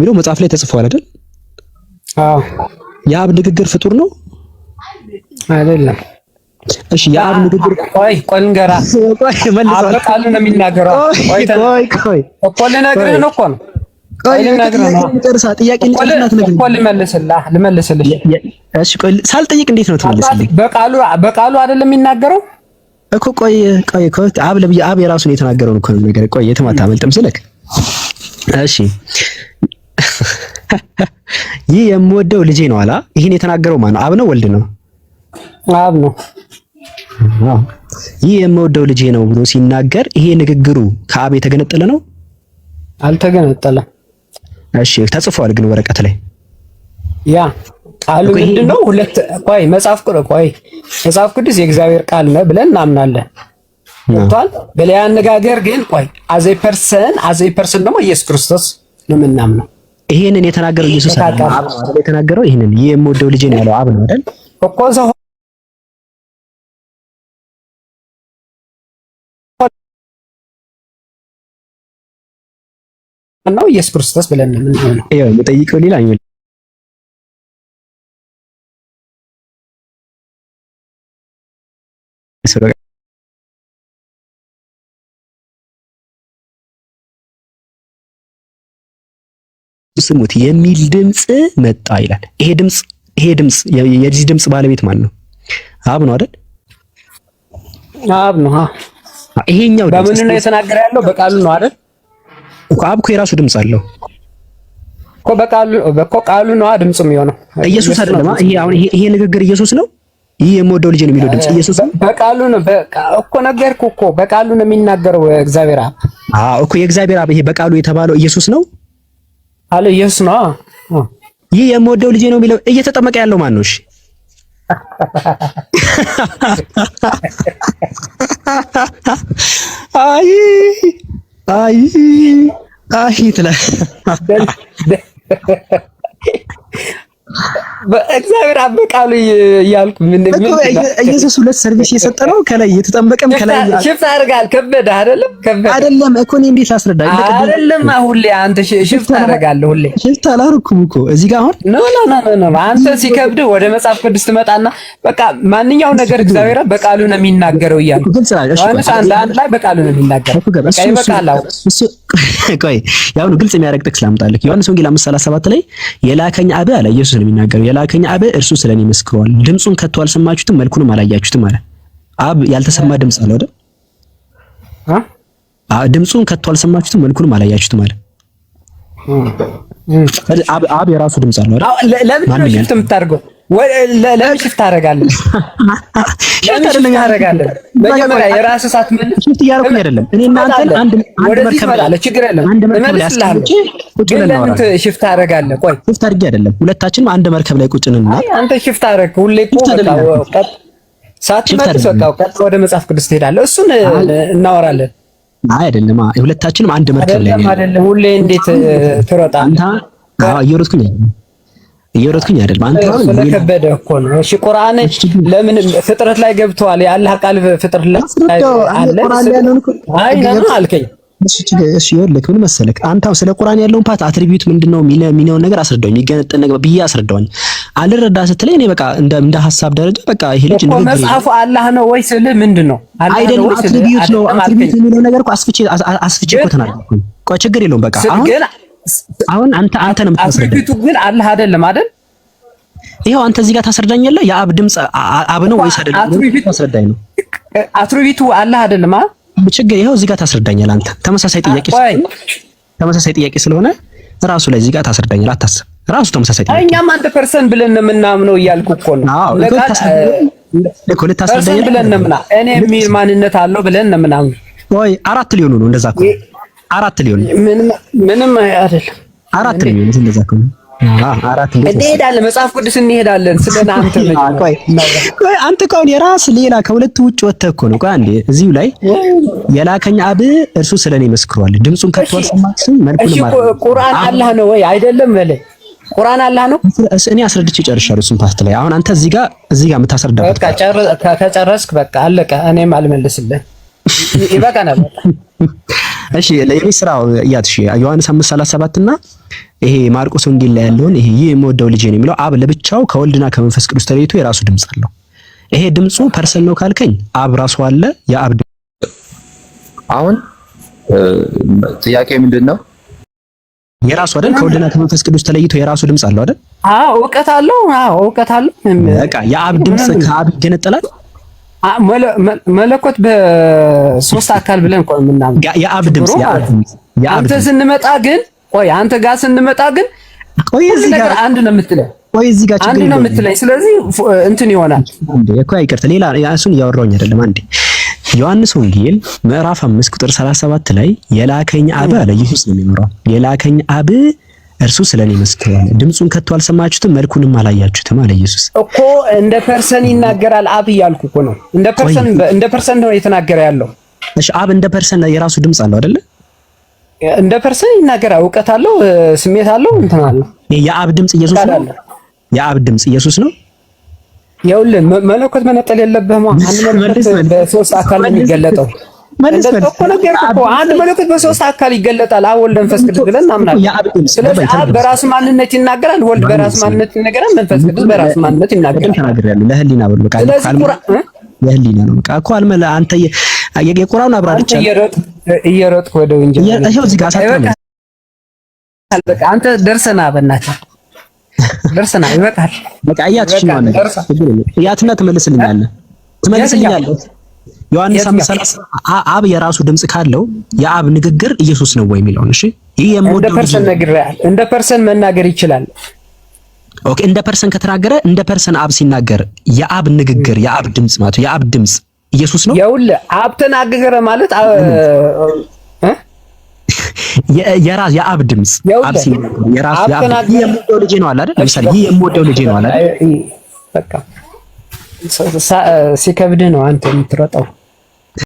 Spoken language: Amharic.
የሚለው መጽሐፍ ላይ ተጽፏል አይደል? አዎ። የአብ ንግግር ፍጡር ነው አይደለም? እሺ የአብ ንግግር ቆይ ቆይ ንገራ ቆይ መልሰው አቃሉ ነው የሚናገረው። ቆይ ቆይ ቆይ እኮ ልነግርህ ነው እኮ ነው ቆይ ልነግርህ ነው ጨርሳ ጥያቄ ልጨርሳት ነው እኮ ልመልስልህ ልመልስልሽ። እሺ ቆይ ሳልጠይቅ እንዴት ነው ትመልስልኝ? በቃሉ በቃሉ አይደለም የሚናገረው እኮ ቆይ ቆይ ቆይ አብ ለብዬ አብ የራሱን የተናገረውን እኮ ነው ነገር ቆይ የትም አታመልጥም ስልክ እሺ ይህ የምወደው ልጄ ነው አላ ይህን የተናገረው ማነው? አብ ነው ወልድ ነው አብ ነው ይህ የምወደው ልጄ ነው ብሎ ሲናገር ይሄ ንግግሩ ከአብ የተገነጠለ ነው አልተገነጠለም እሺ ተጽፏል ግን ወረቀት ላይ ያ ቃሉ ምንድን ነው ሁለት ቆይ መጽሐፍ ቁር ቆይ መጽሐፍ ቅዱስ የእግዚአብሔር ቃል ነው ብለን እናምናለን ወጥቷል በሌላ አነጋገር ግን ቆይ አዘይ ፐርሰን አዘይ ፐርሰን ደግሞ ኢየሱስ ክርስቶስ ነው የምናምነው ይሄንን የተናገረው ኢየሱስ አይደል? የተናገረው ይሄንን የምወደው ልጄ ነው ያለው አብ ነው አይደል? እኮ ሰው ነው ኢየሱስ ክርስቶስ ብለን ምን ነው ያው የምጠይቀው ሌላ አይሆን ስለ ስሙት የሚል ድምፅ መጣ ይላል። ይሄ ድምፅ ይሄ ድምፅ የዚህ ድምፅ ባለቤት ማን ነው? አብ ነው አይደል? አብ ነው። ይሄኛው ድምፅ በምን ነው የተናገረ ያለው? በቃሉ ነው አይደል? እኮ አብ እኮ የራሱ ድምፅ አለው እኮ በቃሉ እኮ ቃሉ ነው ድምፁ የሚሆነው ኢየሱስ አይደለም። ይሄ አሁን ይሄ ንግግር ኢየሱስ ነው። ይህ የምወደው ልጅ ነው የሚለው ድምጽ ኢየሱስ ነው። በቃሉ ነው እኮ ነገርኩ እኮ በቃሉ ነው የሚናገረው እግዚአብሔር አብ። አዎ እኮ የእግዚአብሔር አብ ይሄ በቃሉ የተባለው ኢየሱስ ነው። አለ ኢየሱስ ነው። ይህ የምወደው ልጄ ነው የሚለው እየተጠመቀ ያለው ማን ነው? እሺ አይ አይ አይ ትላለህ በእግዚአብሔር አበቃሉ እያልኩ ምን ኢየሱስ ሁለት ሰርቪስ እየሰጠ ነው። ከላይ እየተጠመቀም ከላይ ሽፍት አደርጋል። ከበደ አይደለም ከበደ አይደለም እኮ እኔ እንዴት ላስረዳ አይደለም። ሁሌ አንተ ሽፍት አደርጋለሁ። ሁሌ ሽፍት አላርኩም እኮ እዚህ ጋር አሁን ኖ ኖ ኖ ኖ አንተ ሲከብድ ወደ መጽሐፍ ቅዱስ ትመጣና በቃ ማንኛው ነገር እግዚአብሔር በቃሉ ነው የሚናገረው እያልኩ አንተ አንድ ላይ በቃሉ ነው የሚናገረው። በቃ ይበቃል ቆይ ያሁኑ ግልጽ የሚያደርግ ጥቅስ ላምጣልህ። ዮሐንስ ወንጌል 5:37 ላይ የላከኝ አብ አለ ኢየሱስ ነው የሚናገረው። የላከኝ አብ እርሱ ስለኔ መስክሯል። ድምጹን ከቶ አልሰማችሁትም፣ መልኩንም አላያችሁትም አለ። አብ ያልተሰማ ድምጽ አለ አይደል? አ ድምጹን ከቶ አልሰማችሁትም፣ መልኩንም አላያችሁትም አለ። አብ የራሱ ድምጽ አለ አይደል? ለምን ነው ሽፍት የምታደርገው? ለምን ሽፍት ታደርጋለህ? ለምን ታደርጋለህ? መጀመሪያ የራስህ ሳትመልስ ሽፍት እያደረኩኝ አይደለም። እኔ አንድ መርከብ ላይ ችግር የለም፣ አንድ መርከብ ላይ ቁጭ ብለን ነው። ለምን ሽፍት ቆይ ሽፍት አድርጌ አይደለም፣ ሁለታችንም አንድ መርከብ ላይ ቁጭ አንተ ሽፍት ሁሌ በቃ ወደ መጽሐፍ ቅዱስ ትሄዳለህ። እሱን እናወራለን። አይ አይደለም፣ ሁለታችንም አንድ መርከብ ላይ አይደለም። ሁሌ እንዴት ትሮጣለህ? አዎ እየሮጥኩኝ አይደለም እየወረድኩኝ አይደለም። አንተ አሁን ስለከበደ እኮ ነው። እሺ ቁርአን ለምን ፍጥረት ላይ ገብቷል? የአላህ ቃል ፍጥረት ላይ አለ። አይ ነው አልከኝ። እሺ እሺ፣ ይኸውልህ ምን መሰለክ፣ አንተው ስለ ቁርአን ያለውን ፓት አትሪቢዩት ምንድነው የሚለውን ነገር አስረዳኝ፣ የሚገነጠል ነገር ብዬ አስረዳውኝ። አልረዳ ስትለኝ እኔ በቃ እንደ እንደ ሐሳብ ደረጃ በቃ ይሄ ልጅ ነው መጽሐፉ አላህ ነው ወይስ ለ ምንድነው? አይደለም አትሪቢዩት ነው። አትሪቢዩት የሚለው ነገር እኮ አስፍቼ አስፍቼ እኮ ተናገርኩኝ። ቆይ ችግር የለውም በቃ አሁን አሁን አንተ አንተ ነው የምታስረዳኝ። ግን አለ አይደለም አይደል? ይሄው አንተ እዚህ ጋር ታስረዳኛለህ። የአብ ድምጽ አብ ነው ወይስ አይደለም? ታስረዳኝ ነው። አትሪቢቱ አለ አይደለም አይደል? ችግር ይሄው እዚህ ጋር ታስረዳኛለህ። አንተ ተመሳሳይ ጥያቄ ተመሳሳይ ጥያቄ ስለሆነ ራሱ ላይ እዚህ ጋር ታስረዳኛለህ። አታስብ፣ ራሱ ተመሳሳይ ጥያቄ። እኛም አንድ ፐርሰንት ብለን ነው የምናምነው እያልኩ እኮ ነው። አዎ እኮ ልታስረዳኝ ብለን ነው ምና እኔ የሚል ማንነት አለው ብለን ነው ምናምን። ወይ አራት ሊሆኑ ነው እንደዛ እኮ አራት ሊሆን ምንም አይደለም። አራት ሊሆን እንደዛ ከሆነ አራት እንሄዳለን። መጽሐፍ ቅዱስ እንሄዳለን። ስለና አንተ ነው ቆይ አንተ እኮ የራስ የራስህ ሌላ ከሁለት ውጭ ወጥተህ እኮ ነው። ቆይ አንዴ እዚሁ ላይ የላከኝ አብ እርሱ ስለኔ መስክሯል፣ ድምፁን ከቷል። ሰማክስም መልኩን ማለት እሺ፣ ቁርአን አላህ ነው ወይ አይደለም? በለኝ ቁርአን አላህ ነው። እኔ አስረድቼ ጨርሻለሁ። እሱን ፓስት ላይ አሁን አንተ እዚህ ጋር እዚህ ጋር የምታስረዳው ከጨረስክ በቃ አለቀ። እኔም አልመልስልህ ይበቃ ነበር። እሺ የቤት ስራ እያት ዮሐንስ 5:37 እና ይሄ ማርቆስ ወንጌል ላይ ያለውን ይሄ ይህ የምወደው ልጄ ነው የሚለው አብ ለብቻው ከወልድና ከመንፈስ ቅዱስ ተለይቶ የራሱ ድምጽ አለው። ይሄ ድምጹ ፐርሰን ነው ካልከኝ አብ ራሱ አለ። የአብ አሁን ጥያቄ ምንድን ነው? የራሱ አይደል? ከወልድና ከመንፈስ ቅዱስ ተለይቶ የራሱ ድምጽ አለው አይደል? አዎ እውቀት አለው። አዎ እውቀት አለው። በቃ የአብ ድምፅ ከአብ ይገነጠላል። መለኮት በሶስት አካል ብለን ቆይ ምናምን የአብ ድምጽ አንተ ስንመጣ ግን ቆይ አንተ ጋር ስንመጣ ግን ቆይ እዚህ ጋር አንድ ነው የምትለው ቆይ እዚህ ጋር አንድ ነው የምትለኝ። ስለዚህ እንትን ይሆናል እንዴ እኮ ይቅርታ፣ ሌላ እሱን እያወራሁኝ አይደለም። አንዴ ዮሐንስ ወንጌል ምዕራፍ 5 ቁጥር 37 ላይ የላከኝ አብ አለ ኢየሱስ ነው የሚመራው የላከኝ አብ እርሱ ስለ እኔ መስክሯል። ድምፁን ከቶ አልሰማችሁትም መልኩንም አላያችሁትም አለ ኢየሱስ። እኮ እንደ ፐርሰን ይናገራል አብ እያልኩ እኮ ነው። እንደ ፐርሰን እንደ ፐርሰን ነው የተናገረ ያለው። እሺ አብ እንደ ፐርሰን የራሱ ድምፅ አለው አይደለ? እንደ ፐርሰን ይናገራል። እውቀት አለው፣ ስሜት አለው፣ እንትን አለው። የአብ ድምፅ ኢየሱስ ነው። የአብ ድምፅ ኢየሱስ ነው። ይኸውልህ መለኮት መነጠል የለብህም። አንድ መለኮት በሶስት አካል ነው የሚገለጠው አንድ መለኮት በሶስት አካል ይገለጣል። አብ ወልድ፣ መንፈስ ቅዱስ ብለን እናምናለን። ስለዚህ አብ በራሱ ማንነት ይናገራል፣ ወልድ በራሱ ማንነት ይናገራል፣ መንፈስ ቅዱስ በራሱ ማንነት ይናገራል። ለህሊና ብሎ ቃል የህሊና ነው በቃ እኮ አልመለ አንተ የቁራውን አብራርቻ እየሮጥክ ወደ ወንጀል ይሄው እዚህ ጋር ሳትመለስ በቃ አንተ ደርሰና በእናትህ ደርሰና ይበቃል። በቃ እያትሽ ነው ማለት እያትና ትመልስልኛለህ ትመልስልኛለህ ዮሐንስ አምስት አብ የራሱ ድምጽ ካለው የአብ ንግግር ኢየሱስ ነው ወይ የሚለውን እሺ፣ ይህ የምወደው እንደ ፐርሰን መናገር ይችላል። ኦኬ፣ እንደ ፐርሰን ከተናገረ እንደ ፐርሰን አብ ሲናገር የአብ ንግግር የአብ ድምጽ ማለት የአብ ድምጽ ኢየሱስ ነው። ይኸውልህ አብ ተናገረ ማለት የራስ የአብ ድምጽ አብ ሲናገር የራሱ የአብ የምወደው ልጄ ነው አለ አይደል? ለምሳሌ ይሄ የምወደው ልጄ ነው አለ አይደል? በቃ ሲከብድህ ነው አንተ የምትሮጠው።